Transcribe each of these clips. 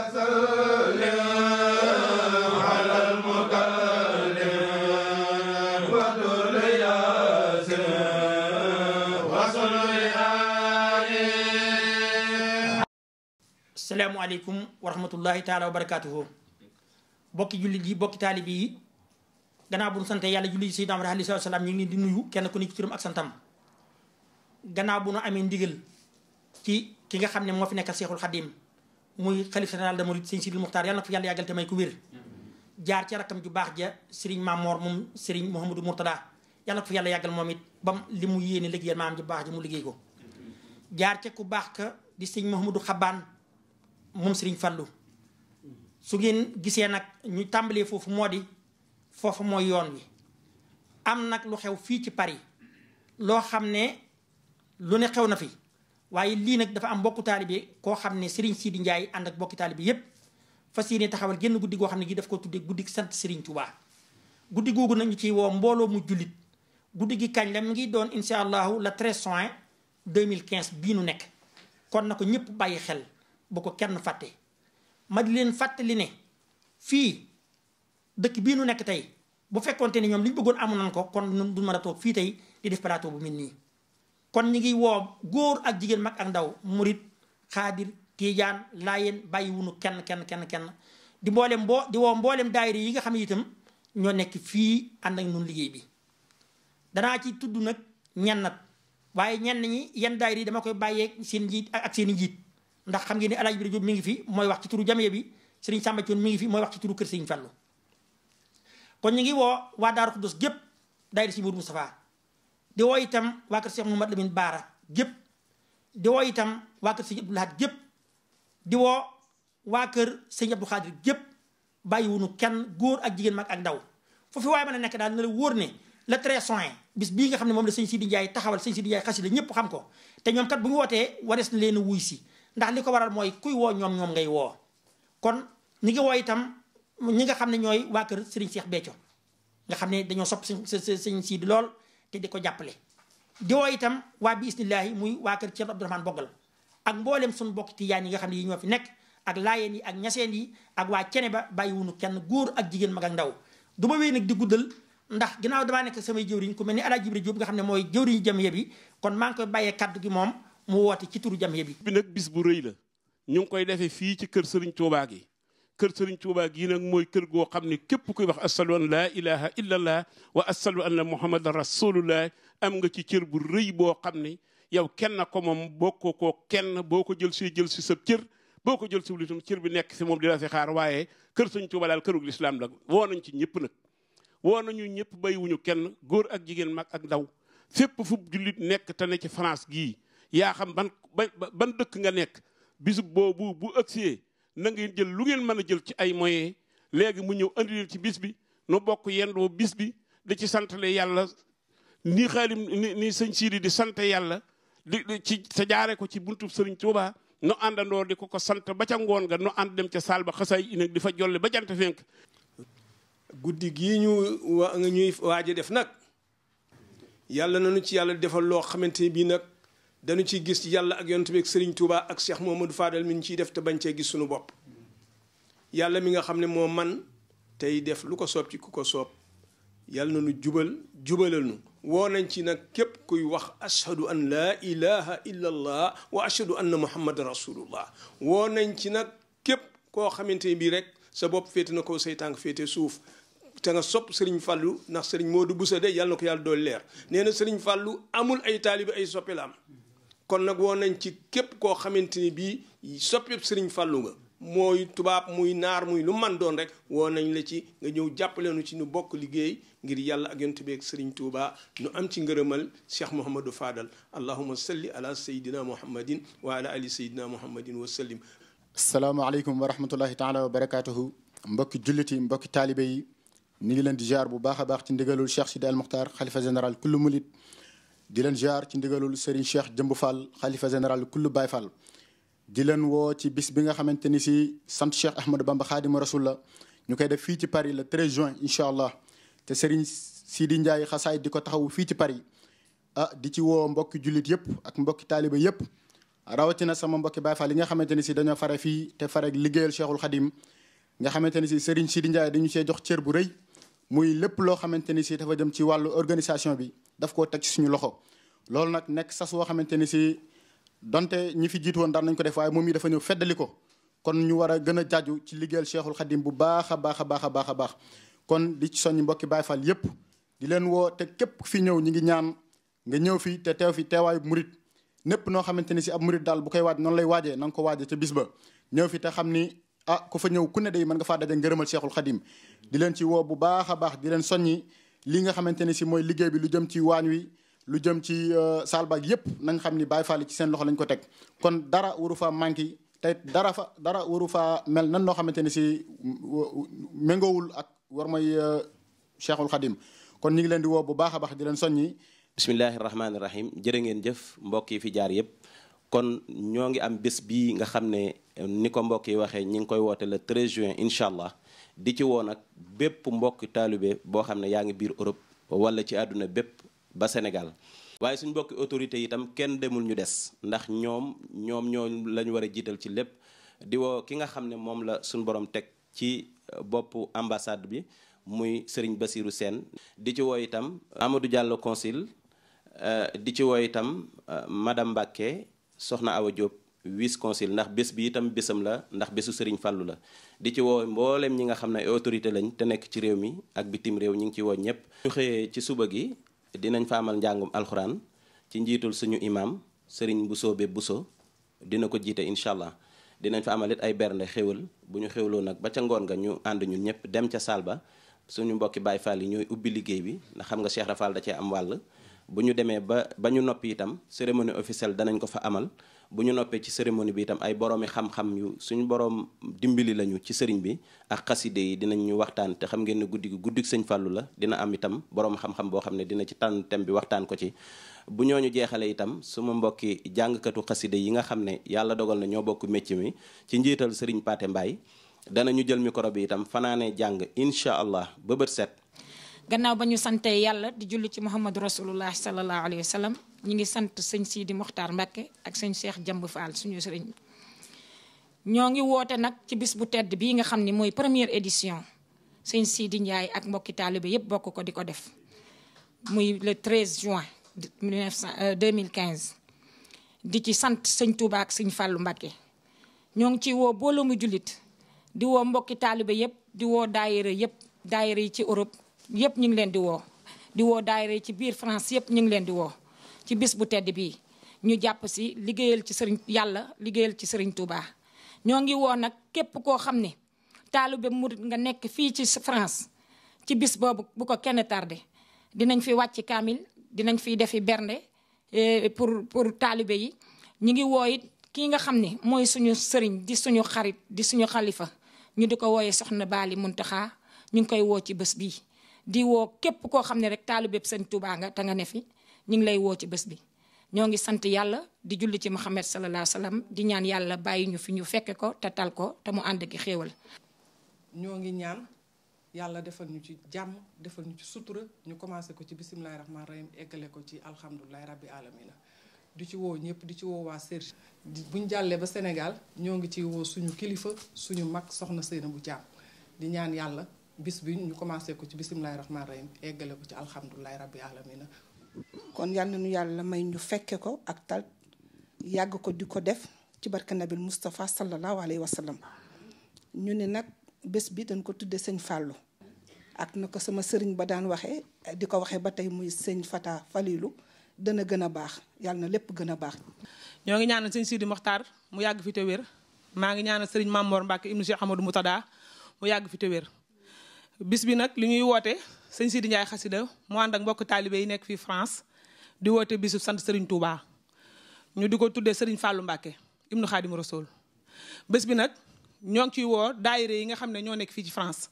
asalaamaaleykum wa rahmatullahi taala wa barakaatuhu bokki jullit yi bokki taalibi yi gannaaw bu nu sante yàlla jullit yi sayyidina Muhammad alayhi salaam ñu ngi di nuyu kenn ku nekk ci turam ak santam gannaaw bu nu amee ndigal ci ki nga xam ne moo fi nekkal Seexul Xadiim muy xalif général de si sëñ Sidil Muxtaar yàlla na ko yàlla yàggal te may ku wér jaar ci rakam ju baax ja Serigne Mamor moom Serigne Mouhamadou Mourtada yàlla na ko fi yàlla yàggal moom it bam li mu yéene liggéeyal maam ju baax ja mu liggéey ko jaar ca ku baax ka di sëñ Mouhamadou Xabaan moom Serigne Fallou su ngeen gisee nag ñu tàmbalee foofu moo di foofu mooy yoon wi am nag lu xew fii ci Paris loo xam ne lu ne xew na fi waaye lii nag dafa am mbokku taalibe koo xam ne sii Sidi Ndiaye ànd ak mbokki taalibe yépp fas ne taxawal génn guddi goo xam ne gi daf ko tuddee guddi sant Serigne tubaa guddi googu nañu ci woo mbooloo mu jullit guddi gi kañ la mu ngi doon incha allahu le 13 mille quinze bii nu nekk kon na ko ñëpp bàyyi xel bu ko kenn fàtte ma di leen fàttali ne fii dëkk bii nu nekk tey bu fekkonte ne ñoom li ñu bëggoon amu nan ko kon du mën a fii tey di bu mel nii kon ñi ngi woo góor ak jigéen mag ak ndaw murit xaadir tiijaan laayeen bàyyi wunu kenn kenn kenn kenn di mboolem boo woo mboolem daayira yi xam itam ñoo nekk fii ànd ak nun liggéey bi danaa ci tudd nag ñennat waaye ñenn ñi yenn daayira dama koy bàyyee seen njiit ak seen i njiit ndax xam ngeen ne mi ngi fi mooy wax ci turu bi sëriñ Samba Thioune mi ngi fi mooy wax ci kër sëriñ Fallu ñu ngi woo waa Daaru Xuddus gépp daayira si Mourou Moustapha di woo itam waa kër Cheikh Mouhamadou Lamine Baara gépp di woo itam waa kër sëñ Abdou Lahad gépp di woo waa kër sëñ Abdou Khadir gépp bàyyiwunu kenn góor ak jigéen mag ak ndaw foofu waaye mën a nekk daal na la wóor ne le très soin bis bii nga xam ne moom la sëñ Sidi Ndiaye taxawal sëñ Sidi Ndiaye xasida ñëpp xam ko te ñoom kat bu ñu wootee warees na leen a wuy si ndax li ko waral mooy kuy woo ñoom ñoom ngay woo kon ñi ngi woo itam ñi nga xam ne ñooy waa kër Serigne Cheikh Béthio nga xam ne dañoo sopp sëñ sëñ lool te di ko jàppale di itam waa bi isnillaahi muy waa kër Ceerno Abdourahmane Boggal ak mboolem suñu bokk tijaan yi nga xam ne yi ñoo fi nekk ak laayeen yi ak ñaseen yi ak waa cene ba bàyyiwunu kenn góor ak jigéen mag ak ndaw du ma wéy nag di guddal ndax ginnaaw damaa nekk samay jëwriñ ku mel ni Alaaji Jibril Jóob nga xam ne mooy jëwriñu jamiya bi kon maa ngi koy bàyyee kaddu gi moom mu woote ci turu jam bi bi nag bis bu rëy la ñu ngi koy defee fii ci kër Sëriñ Tuubaa gi kër sëriñ Tuubaa gii nag mooy kër goo xam ne képp kuy wax asadu an laa ilaha illa allah wa asadu an muhammadan rasulullah am nga ci cër bu rëy boo xam ne yow kenn ko moom bokkoo koo kenn boo ko jël si jël si sa cër boo ko jël si wul itam cër bi nekk si moom di la fi xaar waaye kër sëriñ Tuubaa daal kërug lislaam la woo nañ ci ñëpp nag woo nañu ñëpp bàyyiwuñu kenn góor ak jigéen mag ak ndaw fépp fu jullit nekk te ne ci France gii yaa xam ban ban dëkk nga nekk bisub boobu bu ëgsee na ngeen jël lu ngeen mën a jël ci ay moyens léegi mu ñëw andi ci bis bi nu bokk yendoo bis bi di ci santale yàlla ni xaalim ni sëñ Sidi di sant yàlla di ci sa jaare ko ci buntu sëriñ Touba nu àndandoo di ko ko sant ba ca ngoon nga nu ànd dem ca saal ba xasaay inag di fa jolle ba jant fenk guddi gii ñu ñuy waaj def nag yàlla nañu ci yàlla defal loo xamante ni bii nag danu ciy gis yàlla ak yonent bi ak Serigne Touba ak Cheikh Momadou Fadel mi ñu ciy def te bañ cee gis sunu bopp yàlla mi nga xam ne moo man tey def lu ko soob ci ku ko soob yàlla na nu jubal jubalal nu woo nañ ci nag képp kuy wax ashhadu an laa ilaha illa allah wa ashhadu anna muhammadan rasulullah woo nañ ci nag képp koo xamante ni bii rek sa bopp féete na ko say tànk féete suuf te nga sopp Serigne Fallou ndax Serigne Modou Bousso de yàlla na ko yàlla doo leer nee na Serigne Fallou amul ay taalibi ay soppe la am kon nag woon nañ ci képp koo xamante ni bii soppeeb sëriñ fàllu nga mooy tubaab muy naar muy lu man doon rek woo nañ la ci nga ñëw jàpp leenu ci ñu bokk liggéey ngir yàlla ak yonent bi sëriñ Tuuba nu am ci ngërëmal cheikh mouhamadou fadal allahuma salli ala sayidina muhammadin wa ala ali sayidina muhammadin wa sallim asalaamaaleykum wa rahmatullahi taala wa barakatuhu mbokki jullit yi mbokki taalibe yi ñu ngi leen di jaar bu baax a baax ci ndigalul cheikh sidi al muxtaar xalifa général kullu mulit di leen ziar ci ndigalul Serigne Cheikh Jëmb Fall xalifa général kullu Baye Fall di leen woo ci bis bi nga xamante ni si sant Cheikh Ahmadou Bamba Xaadimu Rasul la ñu koy def fii ci Paris la 13 juin incha allah te Serigne Sidi Ndiaye xasaay di ko taxawu fii ci Paris ah di ci woo mbokki jullit yëpp ak mbokki taaliba yëpp rawatina sama mbokki Baye yi nga xamante ni si dañoo fare fii te fare liggéeyal Cheikhul Xadim nga xamante ni si Serigne Ndiaye dañu see jox cër bu rëy muy lépp loo xamante ni si dafa jëm ci wàllu organisation bi daf koo teg ci suñu loxo loolu nag nekk sas woo xamante ni si donte ñi fi jiitu woon daan nañ ko def waaye moom yi dafa ñëw feddali ko kon ñu war a gën a jaaju ci liggéeyal cheikhul xadim bu baax a baax a baax a baax a baax kon di ci soññ mbokki Baay Faal yépp di leen woo te képp fi ñëw ñi ngi ñaan nga ñëw fi te teew fi teewaayu murit népp noo xamante ni si ab murit daal bu koy waaj noonu lay waajee na nga ko waajee ca bis ba ñëw fi te xam ni ah ku fa ñëw ku ne day mën nga faa daje ngërëmal cheikhul xadim di leen ci woo bu baax a baax di leen soññi li nga xamante ne si mooy liggéey bi lu jëm ci waañ wi lu jëm ci euh, salbag yépp na nga xam ni Baay Faal ci seen loxo lañ ko teg kon dara waru faa manqué te dara fa dara waru faa mel nan noo xamante ni si méngoowul ak war mooy euh, Cheikhul Khadim kon ñu ngi leen di woo bu baax a baax di leen soññi bismillahi rahmaani rahim jërë ngeen jëf mbokk yi fi jaar yépp kon ñoo ngi am bés bii nga xam ne ni ko mbokk yi waxee ñi ngi koy woote le 13 juin incha allah di ci woo nag bépp mbokki taalibe boo xam ne yaa ngi biir Europe wala ci àdduna bépp ba Sénégal waaye suñ mbokki autorités itam kenn demul ñu des ndax ñoom ñoom ñoo la ñu war a jiital ci lépp di woo ki nga xam ne moom la suñ borom teg ci euh, boppu ambassade bi muy Serigne basiiru seen di ci woo itam Amadou jàll consul euh, di ci woo itam euh, madame Mbacké soxna Awa Diop Wisconsin ndax bés bi itam bésam la ndax bésu Serigne Fallou la di ci woo mbooleem ñi nga xam ne autorité lañ te nekk ci réew mi ak bitim réew ñi ngi ci woo ñëpp. ñu xëyee ci suba gi dinañ fa amal njàngum alxuraan ci njiitul suñu imam Serigne Bousso be Bousso dina ko jiite incha allah dinañ fa amal it ay bernde xéwal bu ñu xéwloo nag ba ca ngoon nga ñu ànd ñun ñëpp dem ca saal ba suñu mbokki baay Fall yi ñooy ubbi liggéey bi ndax xam nga Cheikh Rafal da cee am wàll. bu ñu demee ba ba ñu noppi itam cérémonie officielle danañ ko fa amal bu ñu noppee ci cérémonie bi itam ay boroomi xam-xam yu suñu boroom dimbali lañu ci sëriñ bi ak xaside yi dinañ ñu waxtaan te xam ngeen ne guddi gi guddik sëñ Fàllu la dina am itam boroom xam-xam boo xam ne dina ci tànn thème bi waxtaan ko ci bu ñoo ñu jeexalee itam suma mbokki jàngkatu xaside yi nga xam ne yàlla dogal na ñoo bokk métier mi ci njiital sëriñ Paate Mbaay danañu jël micro bi itam fanaanee jàng incha allah ba bët set gannaaw ba ñu sante yàlla di julli ci muhammadu rasulullah sallallahu alayhi wa sallam ñi ngi sant sëñ Sidi Mokhtar Mbacke ak sëñ Cheikh Jamb Fall suñu sëriñ ñoo ngi woote nag ci bis bu tedd bi nga xam ni mooy première édition sëñ di Ndiaye ak mbokki taalibe yëpp bokk ko di ko def muy le 13 juin 2015 euh, di ci sant sëñ Touba ak sëñ Fallou Mbacke ñoo ngi ci woo booloo mu jullit di woo mbokki taalibe yëpp di woo daayira yëpp daayira yi ci Europe yëpp ñu ngi leen di woo di woo daayira ci biir France yëpp ñu ngi leen di woo ci bis bu tedd bii ñu jàpp si liggéeyal ci sëriñ yàlla liggéeyal ci sëriñ Touba. ñoo ngi woo nag képp koo xam ne taalibe murit nga nekk fii ci France ci bis boobu bu ko kenn tardé dinañ fi wàcc kaamil dinañ fi defi bernde eh, pour pour taalibe yi ñu ngi woo it kii nga xam ni mooy suñu sëriñ di suñu xarit di suñu xalifa ñu di ko wooyee soxna Baali Muntaxa ñu ngi koy woo ci bés bii di woo képp koo xam ne rek taalibeb sëñ Tuubaa nga te nga ne fi ñu ngi lay woo ci bés bi ñoo ngi sant yàlla di julli ci Muhammad sallallahu alayhi di ñaan yàlla bàyyi ñu fi ñu fekke ko te tal ko te mu ànd xéewal ñoo ngi ñaan yàlla defal ñu ci jàmm defal ñu ci sutura ñu commencé ko ci bisimilahi rahmaani rahim eggale ko ci alhamdulilahi rabbi alamina di ci woo ñëpp di ci woo waa Serge buñ jàllee ba senegal ñoo ngi ci woo suñu kilifa suñu mag soxna Seynabou Thiam di ñaan yàlla bis bi ñu commencé ko ci bisimilahi rahmaani rahim eggale ko ci alhamdulilahi rabbi alamina kon yal nañu yàlla may ñu fekke ko ak tal yàgg ko di ko def ci barka nabil Moustapha sallallahu alayhi wa sallam ñu ne nag bés bi dañ ko tuddee sëñ Fallou ak na ko sama sëriñ ba daan waxee di ko waxee ba tey muy sëñ Fata Falilou dana gën a baax yàlla na lépp gën a baax. ñoo ngi ñaanal sëñ Sidi Mokhtar mu yàgg fi te wér maa ngi ñaanal sëriñ Mamor Mbacke ibnu Cheikh Amadou Moutada mu yàgg fi te wér. bis bi nag li ñuy woote sëñ Sidi Ndiaye xasida mu ànd ak mbokk taalibe yi nekk fii France di woote bisu sant Serigne Touba ñu di ko tuddee Serigne Fallou Mbacke ibnu Xaadim Rasoul bés bi nag ñoo ngi ciy woo daayira yi nga xam ne ñoo nekk fii ci France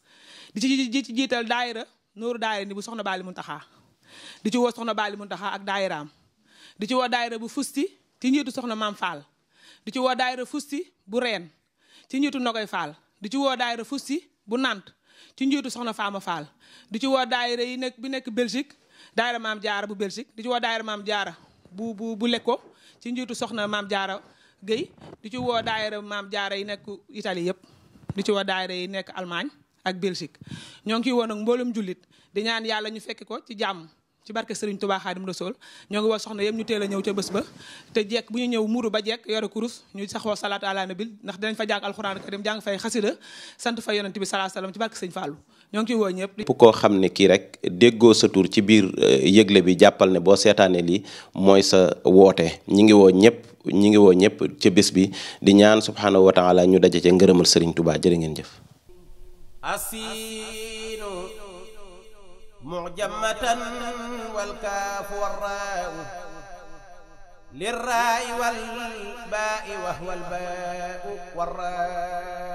di ci jiital daayira nooru daayira ni bu soxna Baali Muntaxa di ci woo soxna Baali ak daayiraam di ci woo daayira bu fusti ci njiitu soxna Maam Fall di ci woo daayira fusti bu reen ci njiitu Nogay Fall di ci woo daayira fusti bu Nant ci njiitu soxna Faama Fall di ci woo daayira yi nekk bi nekk Belgique daayira maam jaara bu Belgique di ci woo daayira maam jaara bu bu bu lekko ci njiitu soxna maam jaara Guèye di ci woo daayira maam jaara yi nekk itali yëpp di ci woo daay yi nekk Allemagne ak Belgique ñoo ngi ciy woo nag mboolum jullit di ñaan yàlla ñu fekk ko ci jàmm ci barke Serigne Touba Xaadim Rasool ñoo ngi woo soxna yëpp ñu teel a ñëw ca bés ba te jekk bu ñu ñëw muuru ba jekk yore kurus ñu saxoo bi ci barke Sëñ Fàllu ñoo eh, bi jàppal ne boo seetaane lii mooy sa woote ñi ngi woo ñëpp ñi ngi woo ñëpp ca bés bi di ñaan subhaanahu wa taala ñu daje ca ngërëmal Serigne Touba jërë ngeen jëf mu'jammatan wal kaafu warraawu lirraa'i wal baa'i wa huwal baa'u warraawu